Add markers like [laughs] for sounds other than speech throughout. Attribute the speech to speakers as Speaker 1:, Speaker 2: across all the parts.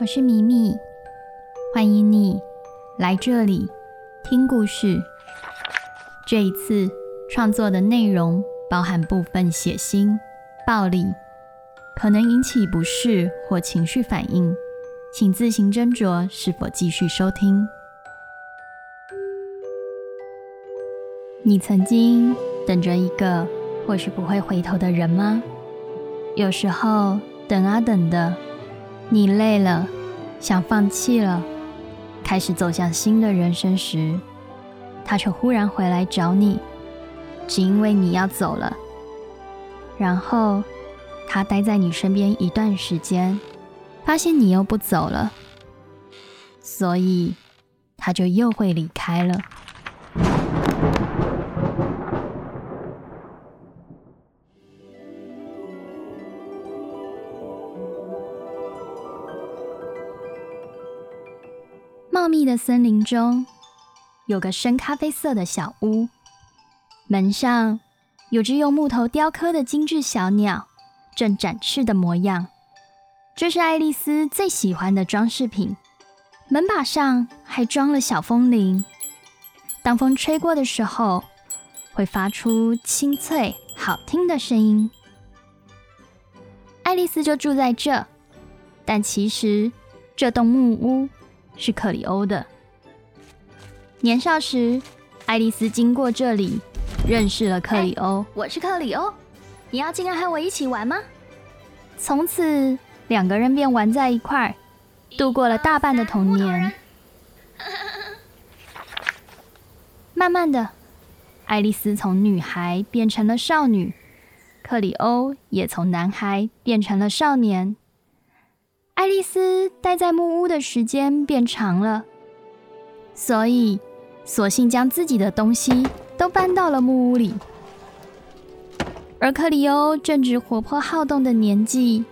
Speaker 1: 我是咪咪，歡迎你來這裡聽故事。這一次創作的內容包含部分血腥、暴力，可能引起不適或情緒反應，請自行斟酌是否繼續收聽。你曾經等着一個或許不會回頭的人嗎？有時候等啊等的。你累了，想放棄了，開始走向新的人生時，他卻忽然回來找你，只因為你要走了。然後，他待在你身邊一段時間，發現你又不走了，所以，他就又會離開了。森林中有個深咖啡色的小屋，門上有隻用木頭雕刻的精緻小鳥，正展翅的模樣。這是愛麗絲最喜歡的裝飾品。門把上還裝了小風鈴，當風吹過的時候，會發出清脆好聽的聲音。愛麗絲就住在這，但其實這棟木屋是克里歐的。年少時，愛麗絲經過這裡，認識了克里歐。欸，我是克里歐，你要進來和我一起玩嗎？從此，兩個人便玩在一塊兒，度過了大半的童年。 [laughs] 慢慢的，愛麗絲從女孩變成了少女，克里歐也從男孩變成了少年。愛麗絲待在木屋的時間變長了，所以索性將自己的東西都搬到了木屋裡。而克里歐正值活潑好動的年紀，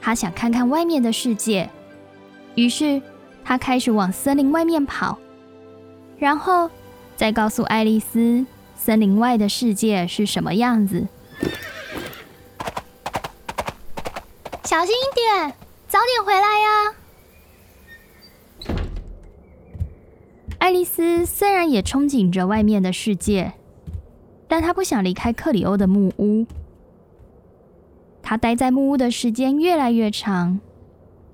Speaker 1: 他想看看外面的世界，於是他開始往森林外面跑，然後再告訴愛麗絲森林外的世界是什麼樣子。小心一點！早點回來呀！愛麗絲雖然也憧憬着外面的世界，但她不想離開克里歐的木屋。她待在木屋的時間越來越長，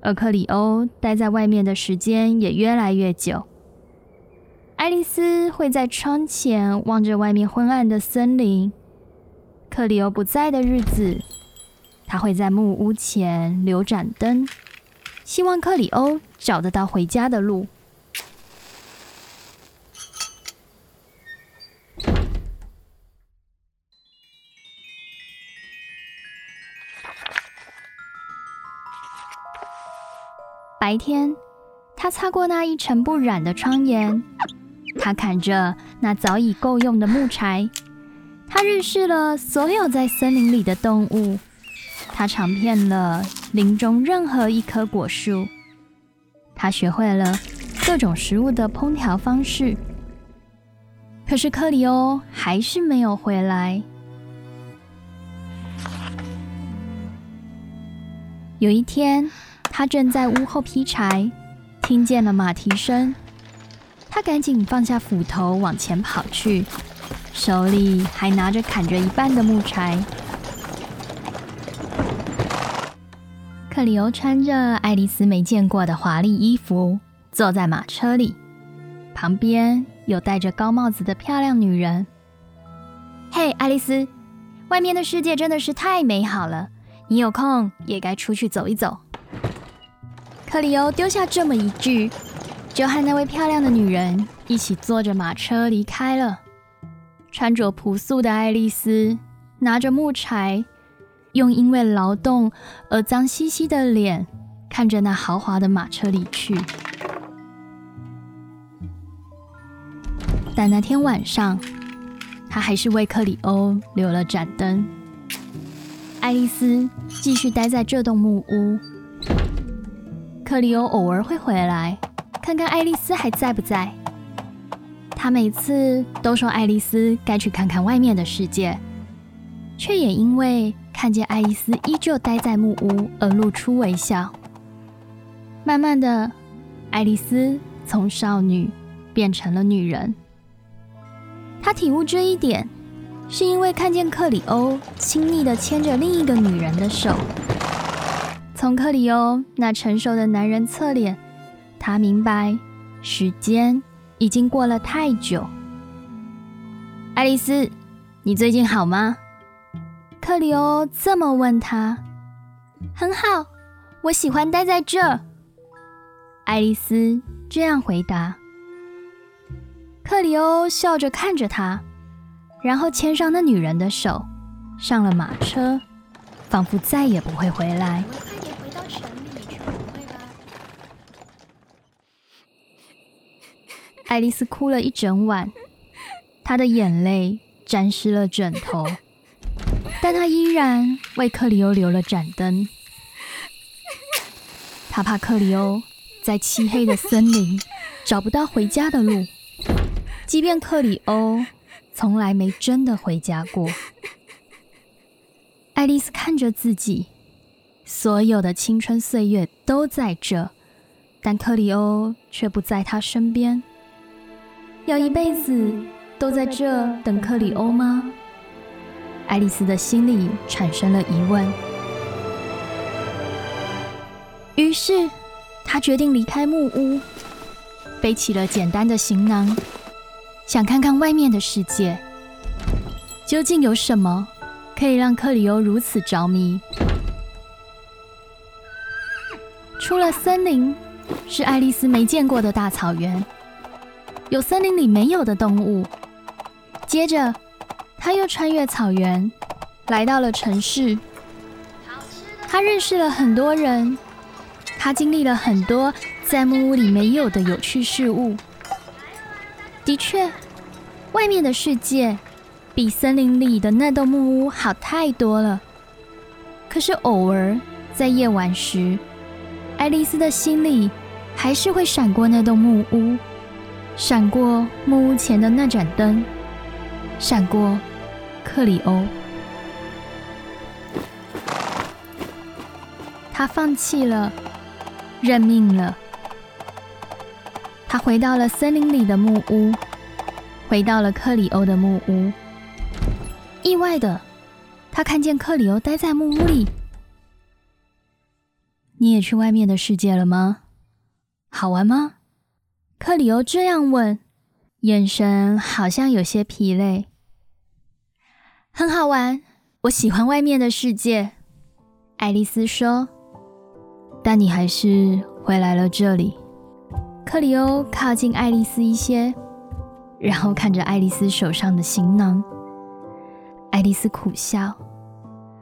Speaker 1: 而克里歐待在外面的時間也越來越久。愛麗絲會在窗前望着外面昏暗的森林，克里歐不在的日子。他會在木屋前留盞燈，希望克里歐找得到回家的路。白天，他擦過那一塵不染的窗沿，他砍着那早已夠用的木柴，他認識了所有在森林裡的動物。他嘗遍了林中任何一棵果樹，他學會了各種食物的烹調方式。可是克里歐還是沒有回來。有一天，他正在屋後劈柴，聽見了馬蹄聲，他趕緊放下斧頭往前跑去，手裡還拿着砍着一半的木柴。克里歐穿着愛麗絲沒見過的華麗衣服，坐在馬車裡，旁邊有戴着高帽子的漂亮女人。嘿，愛麗絲，外面的世界真的是太美好了，你有空也該出去走一走。克里歐丟下這麼一句，就和那位漂亮的女人一起坐着馬車離開了。穿着樸素的愛麗絲拿着木柴。用因為勞動而髒兮兮的臉看着那豪華的馬車離去，但那天晚上，他還是為克里歐留了盞燈。艾莉絲繼續待在這棟木屋，克里歐偶爾會回來看看艾莉絲還在不在。他每次都說艾莉絲該去看看外面的世界，卻也因為。看見愛麗絲依舊待在木屋而露出微笑，慢慢的，愛麗絲從少女變成了女人。她體悟這一點，是因為看見克里歐親昵地牽着另一個女人的手。從克里歐那成熟的男人側臉，她明白時間已經過了太久。愛麗絲，你最近好嗎？克里歐這麼問她：“很好，我喜歡待在這。”愛麗絲這樣回答。克里歐笑着看着她，然後牽上那女人的手，上了馬車，仿佛再也不會回來。我們快點回到城裡去吧。愛麗絲哭了一整晚，她的眼淚沾濕了枕頭。但他依然為克里歐留了盞燈，他怕克里歐在漆黑的森林找不到回家的路，即便克里歐從來沒真的回家過。艾莉絲看着自己，所有的青春歲月都在這，但克里歐卻不在她身邊。要一輩子都在這等克里歐嗎？愛麗絲的心裡產生了疑問，於是她決定離開木屋，背起了簡單的行囊，想看看外面的世界究竟有什麼可以讓克里歐如此着迷。出了森林，是艾莉絲沒見過的大草原，有森林裡沒有的動物。接着。他又穿越草原，來到了城市。他認識了很多人，他經歷了很多在木屋裡沒有的有趣事物。的確，外面的世界比森林裡的那棟木屋好太多了。可是偶爾在夜晚時，艾莉絲的心裡還是會閃過那棟木屋，閃過木屋前的那盞燈，閃過。克里歐，他放棄了，認命了。他回到了森林裡的木屋，回到了克里歐的木屋。意外的，他看見克里歐待在木屋裡。你也去外面的世界了嗎？好玩嗎？克里歐這樣問，眼神好像有些疲累。很好玩，我喜歡外面的世界，愛麗絲說。但你還是回來了這裡。克里歐靠近愛麗絲一些，然後看着愛麗絲手上的行囊。愛麗絲苦笑，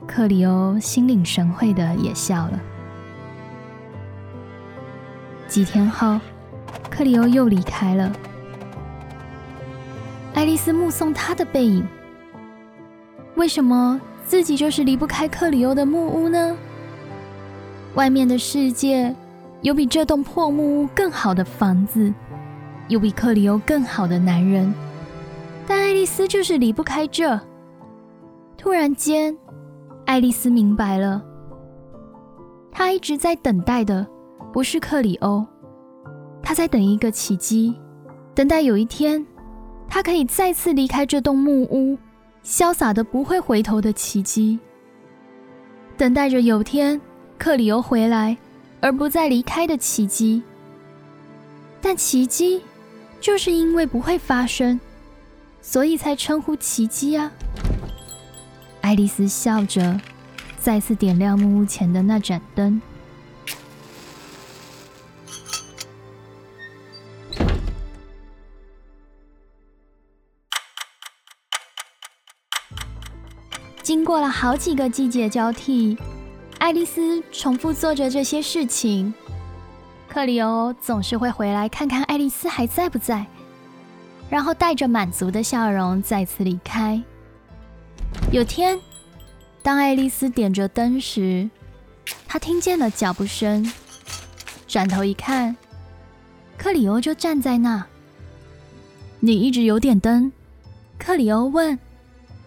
Speaker 1: 克里歐心領神會的也笑了。幾天後，克里歐又離開了。愛麗絲目送他的背影。為什麼自己就是離不開克里歐的木屋呢？外面的世界有比這棟破木屋更好的房子，有比克里歐更好的男人，但愛麗絲就是離不開這。突然間，愛麗絲明白了，她一直在等待的不是克里歐，她在等一個奇蹟，等待有一天，她可以再次離開這棟木屋。瀟灑的不會回頭的奇蹟，等待着有天克里歐回來而不再離開的奇蹟。但奇蹟，就是因為不會發生，所以才稱呼奇蹟啊！愛麗絲笑着，再次點亮木屋前的那盞燈。經過了好幾個季節交替，愛麗絲重複做着這些事情。克里歐總是會回來看看愛麗絲還在不在，然後帶着滿足的笑容再次離開。有天，當愛麗絲點着燈時，她聽見了腳步聲，轉頭一看，克里歐就站在那。你一直有點燈，克里歐問，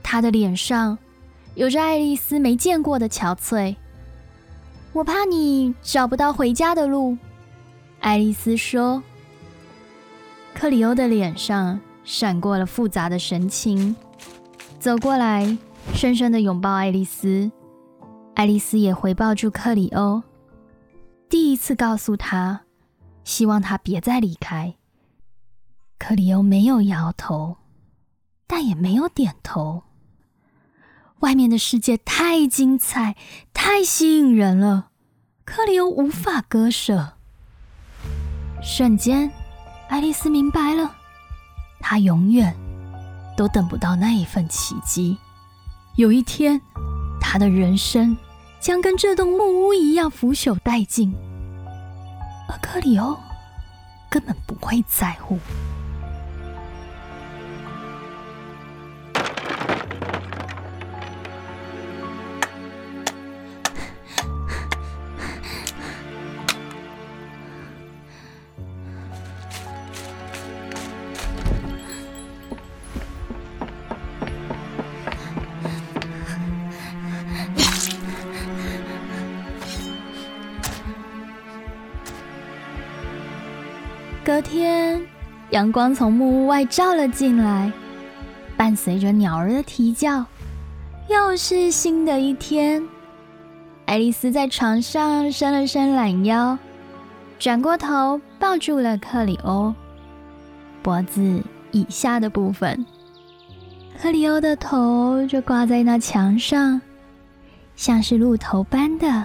Speaker 1: 他的臉上。有着愛麗絲沒見過的憔悴，我怕你找不到回家的路。”愛麗絲說。克里歐的臉上閃過了複雜的神情，走過來，深深的擁抱愛麗絲。愛麗絲也回抱住克里歐，第一次告訴他，希望他別再離開。克里歐沒有搖頭，但也沒有點頭。外面的世界太精彩，太吸引人了，克里歐無法割捨。瞬間，愛麗絲明白了，她永遠都等不到那一份奇蹟。有一天，她的人生將跟這棟木屋一樣腐朽殆盡，而克里歐根本不會在乎。陽光從木屋外照了進來，伴隨着鳥兒的啼叫，又是新的一天。艾莉絲在床上伸了伸懶腰，轉過頭抱住了克里歐脖子以下的部分。克里歐的頭就掛在那牆上，像是鹿頭般的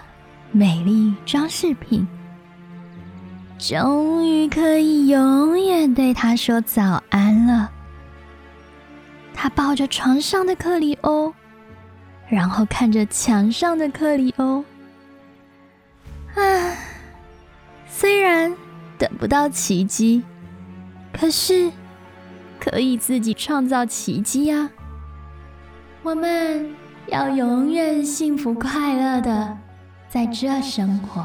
Speaker 1: 美麗裝飾品。終於可以永遠對他說早安了。他抱着床上的克里歐，然後看着牆上的克里歐。唉、啊，雖然等不到奇蹟，可是可以自己創造奇蹟呀、啊。我們要永遠幸福快樂的在這生活。